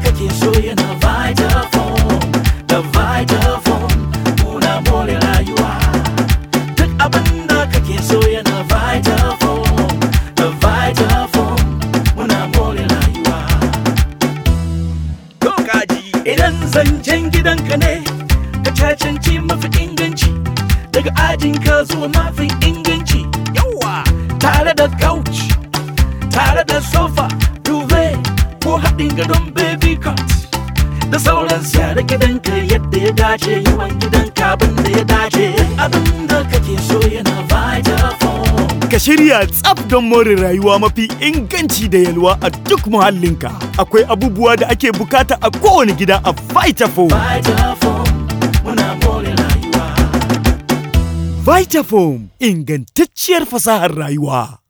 kake so yana vitaphone da vitaphone muna more rayuwa duk abin da kake so yana vitaphone da vitaphone muna more rayuwa to idan zancen gidanka ne ka cancanci mafi inganci daga ajinka zuwa mafi inganci yawa tare da kawai don baby cut da sauran gyara gidanka yadda ya dace yawan gidanka abin da ya dace abin da kake so yana vitafoam ka shirya tsaf don more rayuwa mafi inganci da yalwa a duk muhallinka akwai abubuwa da ake bukata a kowane gida a vitafoam muna vitafoam ingantacciyar fasahar rayuwa